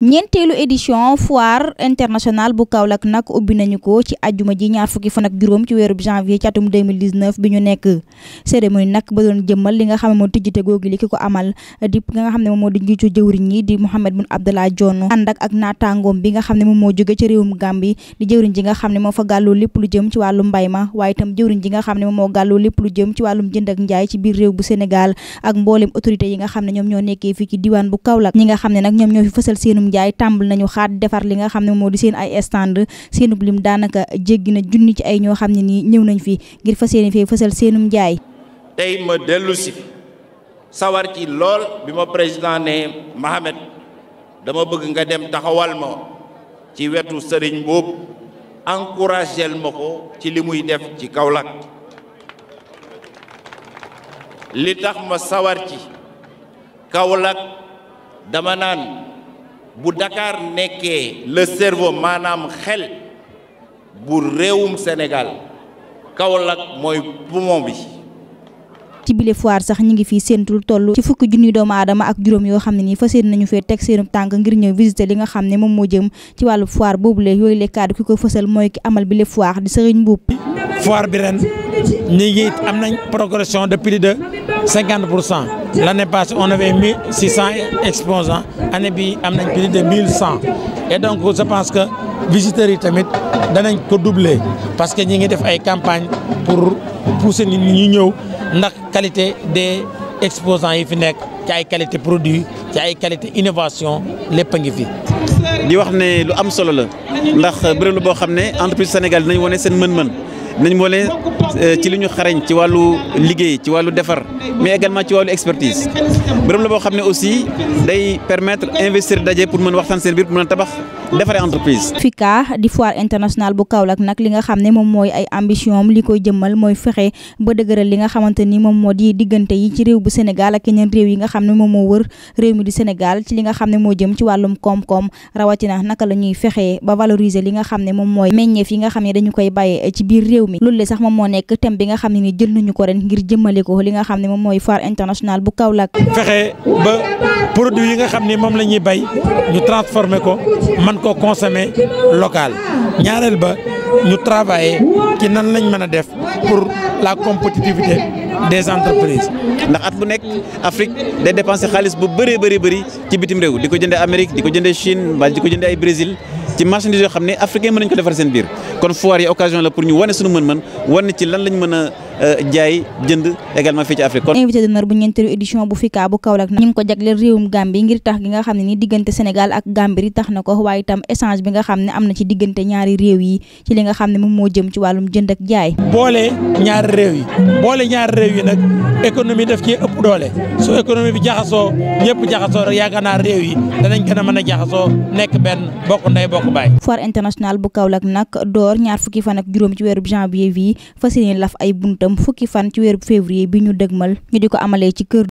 ñeenteelu édition foire internationale bu Kaolack nag ubbi nañu ko ci àjjuma ji ñaar fukki fan ak juróom ci weerub janvier catum 2019 bi ñu nekk cérémonie nag ba doon jëmmal li nga xam ne moo tijjite googu li ki ko amal di nga xam ne moom moo di njiitu jëwriñ ñi nga xam ne moom moo jóge ci réewum Gambie di jëwriñ ji nga xam ne moo fa gàlloo lépp lu jëm ci wàllu mbay ma waaye itam jëwriñ ji nga xam ne moom moo gàlloo lépp lu jëm ci wàllum jënd ak njaay ci biir réew bu Sénégal ak mbooleem autorité yi nga xam ne ñoom ñoo nekkee fii ci diwaan bu Kaolack ñi nga fi fësal seen Maalum Ndiaye tàmbal nañu xaat defar li nga xam ne moo di seen ay stand seenub lim daanaka jéggi na junni ci ay ñoo xam ne nii ñëw nañ fii ngir fas yéene fee fësal seenum njaay. tey ma dellusi sawar ci lool bi ma président ne Mohamed dama bëgg nga dem taxawal ma ci wetu sëriñ boobu encouragel ma ko ci li muy def ci Kaolack li tax ma sawar ci Kaolack dama naan bu Dakar nekkee le servo maanaam xel bu réewum Sénégal Kaolack mooy poumon bi. ci bile foire sax ñu ngi fii séentu lu toll ci fukki junni doomu aadama ak juróom yoo xam ne nii fas yéene nañu fee teg seenu tànk ngir ñëw visité li nga xam ne moom moo jëm ci wàllu foire boobule yooyu la kaddu ki ko fësal mooy ki amal bile foire di Serigne Mboup. foire bi ren ñi ngi am nañ progression de plus de cinquante pour cent l' année passée on avait mille six cent exposants année bi am nañ plus de mille cent et donc je pense que visiteurs yi tamit danañ ko doubler parce que ñi ngi def ay campagne pour pousser nit ñi ñëw ndax qualité des exposants yi fi nekk ci ay qualité produit ci ay qualité innovation lépp a ngi fi. di wax ne lu am solo la ndax bëri lu boo xam ne entreprise Sénégal dinañ wane seen mën-mën. dinañ boole euh, ci li ñu xarañ ci wàllu liggéey ci wàllu defar mais également ci wàllu expertise bërëb la boo xam ne aussi day permettre investir pour mën waxtaan seen biir pour mën a tabax defaree entreprise. FICA di foire internationale bu Kaolack nag li nga xam ne moom mooy ay ambition li koy jëmmal mooy fexe ba dëgëral li nga xamante ni moom moo di diggante yi ci réew bu Sénégal ak yeneen réew yi nga xam ne moom moo wër réew mi di Sénégal ci li nga xam ne moo jëm ci wàllum koom-koom rawatina naka la ñuy fexe ba valoriser li nga xam ne moom mooy meññeef yi nga xam ne dañu koy bàyyee ci biir réew mi loolu sax moom moo nekk thème bi nga xam ne ni jël nañu ko ren ngir jëmmale ko li nga xam ne moom mooy foire internationale bu kaw Kaolack. fexe ba produit yi nga xam ne moom la ñuy bay ñu transformer ko man koo consommer local ñaareel ba ñu travailler ci nan lañ mën a def pour la compétitivité des entreprises. ndax at bu nekk Afrique day dépensé xaalis bu bëree bëri bëri ci bitim réew di ko jëndee Amérique di ko jëndee Chine mbaa di ko jëndee ay Brésil ci marchandise yoo xam ne africain mën nañu ko seen biir. kon foire yi occasion la pour ñu wane suñu mën-mën wane ci lan lañ mën a euh, jaay jënd également fii ci Afrique. invité d'honneur bu ñeenteelu édition bu FICCA bu Kaolack ñu ngi ko jagleel réewum Gambie ngir tax gi nga xam ne ni diggante Sénégal ak Gambie tax na ko waaye itam échange bi nga xam ne am na ci diggante ñaari réew yi ci li nga xam ne moom moo jëm ci wàllum jënd jaay. boole ñaari réew yi boole ñaari réew ci ëpp doole su économie a a bu Kaolack door ñaar fukki fan ak juróom ci weerub janvier bii fas yéene laf ay buntam fukki fan ci weerub février bi ñu dëgmal ñu di ko amalee ci kër